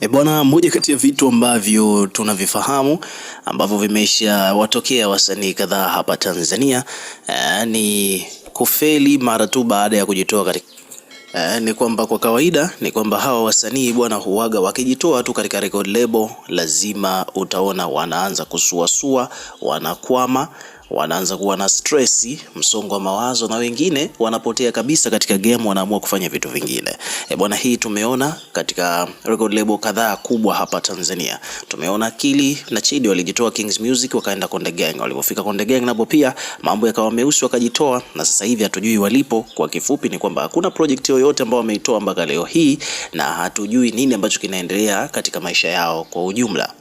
E bwana, moja kati ya vitu ambavyo tunavifahamu ambavyo vimesha watokea wasanii kadhaa hapa Tanzania e, ni kufeli mara tu baada ya kujitoa katika e, ni kwamba kwa kawaida ni kwamba hawa wasanii bwana huaga wakijitoa tu katika record label, lazima utaona wanaanza kusuasua, wanakwama wanaanza kuwa na stress, msongo wa mawazo, na wengine wanapotea kabisa katika game, wanaamua kufanya vitu vingine. E bwana, hii tumeona katika record label kadhaa kubwa hapa Tanzania. Tumeona Kili na Chidi walijitoa Kings Music wakaenda Konde Gang, walipofika Konde Gang nabo pia mambo yakawa meusi, wakajitoa na sasa hivi hatujui walipo. Kwa kifupi ni kwamba hakuna project yoyote ambayo wameitoa mpaka leo hii, na hatujui nini ambacho kinaendelea katika maisha yao kwa ujumla.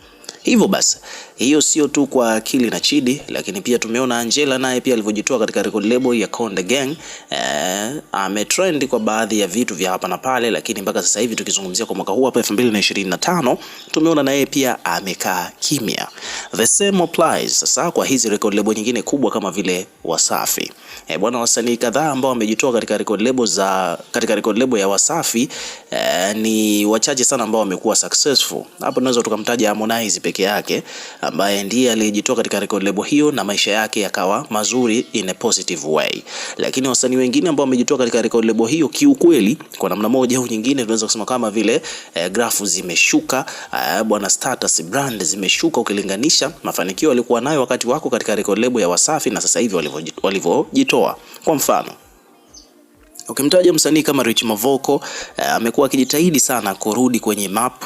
Hivyo basi hiyo sio tu kwa akili na Chidi, lakini pia tumeona Angela naye pia alivyojitoa katika record label ya Konde Gang eh, ametrend kwa baadhi ya vitu vya hapa na pale, lakini mpaka sasa hivi tukizungumzia kwa mwaka huu hapa 2025 tumeona naye pia amekaa kimya. The same applies sasa kwa hizi record label nyingine kubwa kama vile Wasafi. Eh, bwana wasanii kadhaa ambao wamejitoa katika record label za katika record label ya Wasafi eh, ni wachache sana ambao wamekuwa successful. Hapo tunaweza tukamtaja Harmonize pekee peke yake ambaye ndiye aliyejitoa katika record label hiyo na maisha yake yakawa mazuri in a positive way. Lakini wasanii wengine ambao wamejitoa katika record label hiyo, kiukweli, kwa namna moja au nyingine, tunaweza kusema kama vile eh, grafu zimeshuka eh, bwana status brand zimeshuka ukilinganisha mafanikio walikuwa nayo wakati wako katika record label ya Wasafi na sasa hivi walivyojitoa. Kwa mfano Ukimtaja msanii kama Rich Mavoko uh, amekuwa akijitahidi sana kurudi kwenye map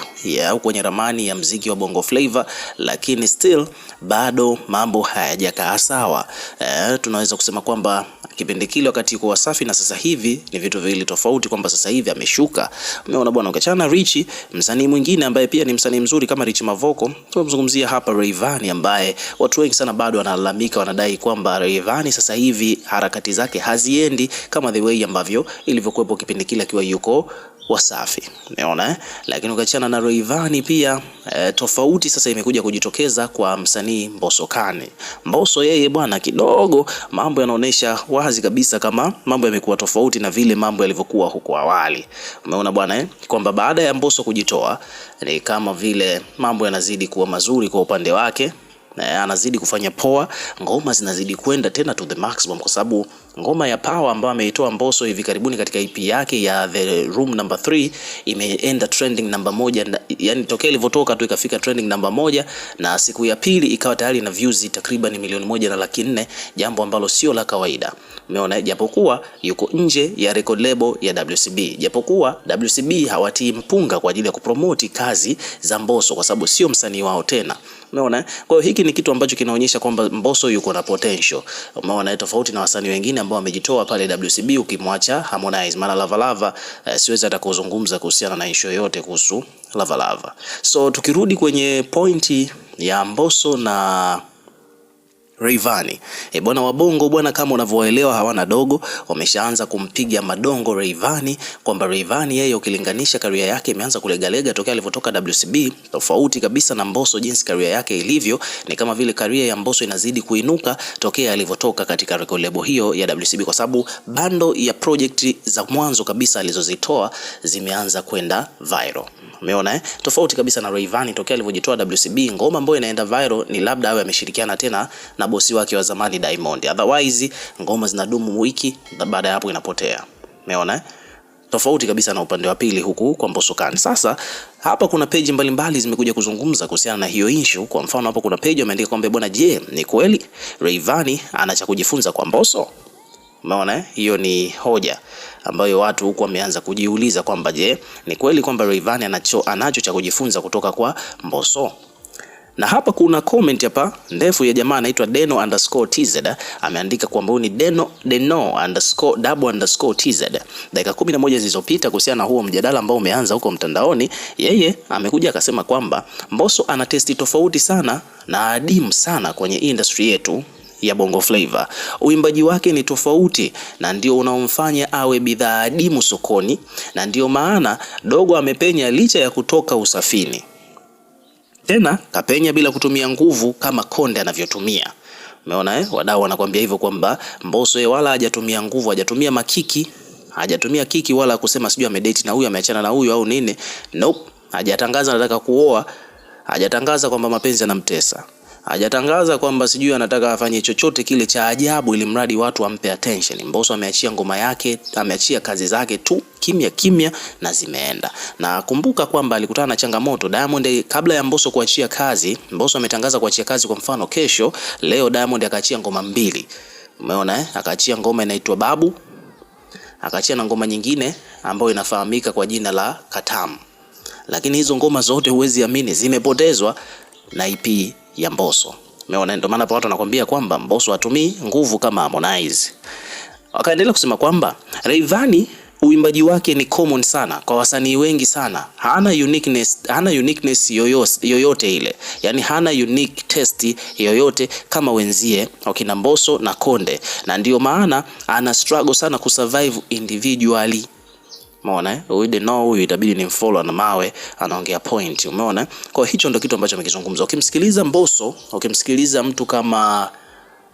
au kwenye ramani ya mziki wa Bongo Flava, lakini still bado mambo hayajakaa sawa. Uh, tunaweza kusema kwamba kipindi kile wakati kwa Wasafi na sasa hivi ni vitu viwili tofauti, kwamba sasa hivi ameshuka. Umeona bwana, ukachana Rich, msanii mwingine ambaye pia ni msanii mzuri kama Rich Mavoko, tunamzungumzia hapa Rayvanny ambaye watu wengi sana bado wanalalamika, wanadai kwamba Rayvanny sasa hivi harakati zake haziendi kama the way ambavyo ambavyo ilivyokuwepo kipindi kile akiwa yuko Wasafi. Umeona eh? Lakini ukiachana na Rayvanny pia e, tofauti sasa imekuja kujitokeza kwa msanii Mbosso Kane. Mbosso yeye bwana, kidogo mambo yanaonesha wazi kabisa kama mambo yamekuwa tofauti na vile mambo yalivyokuwa huko awali. Umeona bwana eh? Kwamba baada ya Mbosso kujitoa ni kama vile mambo yanazidi kuwa mazuri kwa upande wake na eh, anazidi kufanya poa, ngoma zinazidi kwenda tena to the maximum kwa sababu ngoma ya Power ambayo ameitoa Mbosso hivi karibuni katika EP yake ya The Room number 3 imeenda trending namba moja, yani tokea ilivyotoka tu ikafika trending namba moja, na siku ya pili ikawa tayari na views takriban milioni moja na laki nne, jambo ambalo sio la kawaida. Umeona, japokuwa yuko nje ya record label ya WCB, japokuwa WCB hawatii mpunga kwa ajili ya kupromoti kazi za Mbosso kwa sababu sio msanii wao tena. Umeona, kwa hiyo hiki ni kitu ambacho kinaonyesha kwamba Mbosso yuko na potential. Umeona, tofauti na wasanii wengine ambao amejitoa pale WCB, ukimwacha Harmonize, maana Lavalava eh, siwezi hata kuzungumza kuhusiana na issue yoyote kuhusu Lavalava. So tukirudi kwenye pointi ya Mbosso na Rayvanny. E bwana, wabongo bwana, kama unavyoelewa hawana dogo, wameshaanza kumpiga madongo Rayvanny kwamba Rayvanny yeye, ukilinganisha karia yake imeanza kulegalega tokea alivyotoka WCB, tofauti kabisa na Mbosso jinsi karia yake ilivyo. Ni kama vile karia ya Mbosso inazidi kuinuka tokea alivyotoka katika record label hiyo ya WCB, kwa sababu bando ya project za mwanzo kabisa alizozitoa zimeanza kwenda viral. Umeona eh? Tofauti kabisa na Rayvanny tokea alivyojitoa WCB, ngoma ambayo inaenda viral ni labda awe ameshirikiana tena na bosi wake wa zamani Diamond. Otherwise ngoma zinadumu wiki, baada ya hapo inapotea. Umeona eh? Tofauti kabisa na upande wa pili huku kwa Mbosokani. Sasa hapa kuna peji mbalimbali zimekuja kuzungumza kuhusiana na hiyo issue. Kwa mfano hapa kuna peji wameandika kwamba bwana, je, ni kweli Rayvanny ana cha kujifunza kwa Mbosso? Umeona eh? Hiyo ni hoja ambayo watu huku wameanza kujiuliza kwamba je, ni kweli kwamba Rayvanny anacho, anacho cha kujifunza kutoka kwa Mbosso? na hapa kuna comment hapa ndefu ya jamaa anaitwa Deno underscore TZ ameandika kwamba ni Deno Deno underscore double underscore TZ. Dakika kumi na moja zilizopita kuhusiana na huo mjadala ambao umeanza huko mtandaoni, yeye amekuja akasema kwamba Mbosso ana testi tofauti sana na adimu sana kwenye industry yetu ya Bongo Flava. Uimbaji wake ni tofauti na ndio unaomfanya awe bidhaa adimu sokoni, na ndio maana dogo amepenya licha ya kutoka usafini. Tena kapenya bila kutumia nguvu kama Konde anavyotumia. Umeona eh? Wadau wanakuambia hivyo kwamba Mbosso wala hajatumia nguvu, hajatumia makiki, hajatumia kiki wala kusema sijui amedate na huyu ameachana na huyu au nini. Nope, hajatangaza anataka kuoa, hajatangaza kwamba mapenzi yanamtesa hajatangaza kwamba sijui anataka afanye chochote kile cha ajabu, ili mradi watu wampe attention. Mbosso ameachia ngoma yake, ameachia kazi zake tu kimya kimya na zimeenda. Na kumbuka kwamba alikutana na changamoto Diamond kabla ya Mbosso kuachia kazi. Mbosso ametangaza kuachia kazi, kwa mfano kesho, leo Diamond akaachia ngoma mbili, umeona eh? Akaachia ngoma inaitwa Babu, akaachia na ngoma nyingine ambayo inafahamika kwa jina la Katamu, lakini hizo ngoma zote huwezi amini zimepotezwa na EP ya Mbosso. Umeona, ndio maana watu wanakuambia kwamba Mbosso hatumii nguvu kama Harmonize. Wakaendelea kusema kwamba Rayvanny uimbaji wake ni common sana kwa wasanii wengi sana, hana uniqueness, hana uniqueness yoyos, yoyote ile, yani hana unique test yoyote kama wenzie wakina Mbosso na Konde, na ndiyo maana ana struggle sana kusurvive individually. Umeona eh? Huyu Deno huyu itabidi ni mfollow na mawe anaongea point. Umeona? Kwa hiyo hicho ndio kitu ambacho amekizungumza. Ukimsikiliza Mbosso, ukimsikiliza mtu kama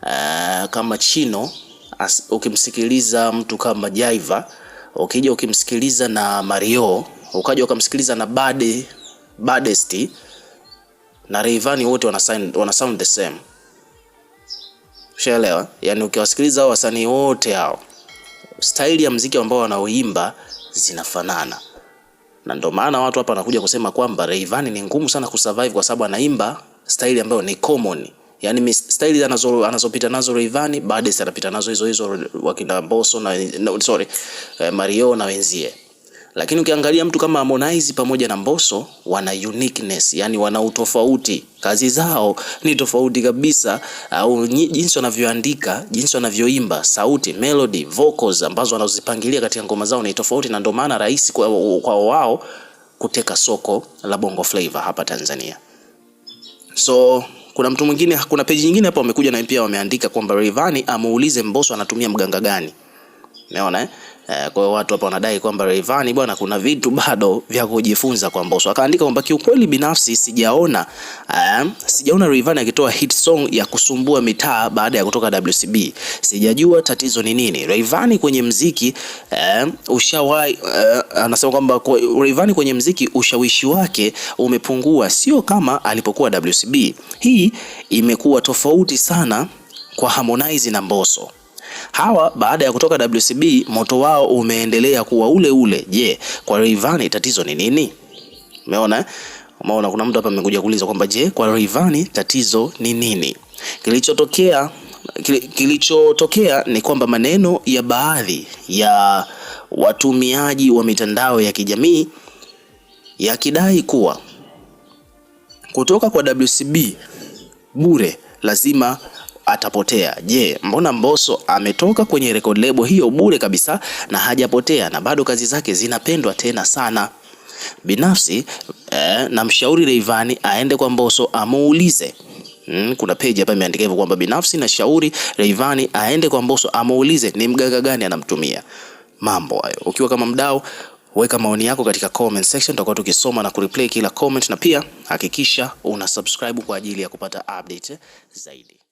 uh, kama Chino, as, ukimsikiliza mtu kama Jaiva, ukija ukimsikiliza na Mario, ukaja ukamsikiliza na Bade, Badest na Rayvanny wote wana sound, wana sound the same. Ushaelewa? Yaani ukiwasikiliza wasanii wote hao staili ya mziki ambao wanaoimba zinafanana, na ndio maana watu hapa wanakuja kusema kwamba Rayvanny ni ngumu sana kusurvive kwa sababu anaimba staili ambayo ni common yani staili anazo anazopita nazo Rayvanny baadaye anapita nazo hizo hizo wakina Mbosso na, na, sorry, eh, Mario na wenzie. Lakini ukiangalia mtu kama Harmonize pamoja na Mbosso wana uniqueness, yani wana utofauti, kazi zao ni tofauti kabisa, au jinsi wanavyoandika, jinsi wanavyoimba, sauti, melody, vocals ambazo wanazipangilia katika ngoma zao ni tofauti, na ndio maana rahisi kwa, kwa wao kuteka soko la Bongo Flava hapa Tanzania. So kuna mtu mwingine, kuna peji nyingine hapa wamekuja na pia wameandika kwamba Rayvanny amuulize Mbosso anatumia mganga gani. Umeona eh? Eh, kwa hiyo watu hapa wanadai kwamba Rayvanny bwana, kuna vitu bado vya kujifunza kwa Mbosso. Akaandika kwamba kiukweli, binafsi sijaona um, sijaona Rayvanny akitoa hit song ya kusumbua mitaa baada ya kutoka WCB. Sijajua tatizo ni nini. Rayvanny kwenye mziki um, ushawahi uh, anasema kwamba kwa, Rayvanny kwenye mziki ushawishi wake umepungua, sio kama alipokuwa WCB. Hii imekuwa tofauti sana kwa Harmonize na Mbosso. Hawa baada ya kutoka WCB moto wao umeendelea kuwa ule ule. Je, kwa Rayvanny tatizo ni nini? Umeona? Umeona kuna mtu hapa amekuja kuuliza kwamba je, kwa Rayvanny tatizo ni nini? Kilichotokea kilichotokea ni kwamba maneno ya baadhi ya watumiaji wa mitandao ya kijamii yakidai kuwa kutoka kwa WCB bure lazima atapotea. Je, mbona Mbosso ametoka kwenye record label hiyo bure kabisa na hajapotea na bado kazi zake zinapendwa tena sana? Binafsi eh, na mshauri Rayvanny aende kwa Mbosso amuulize. Hmm, kuna page hapa imeandika hivyo kwamba binafsi na shauri Rayvanny aende kwa Mbosso amuulize ni mganga gani anamtumia. Mambo hayo. Ukiwa kama mdau weka maoni yako katika comment section, tutakuwa tukisoma na kureplay kila comment, na pia hakikisha una subscribe kwa ajili ya kupata update zaidi.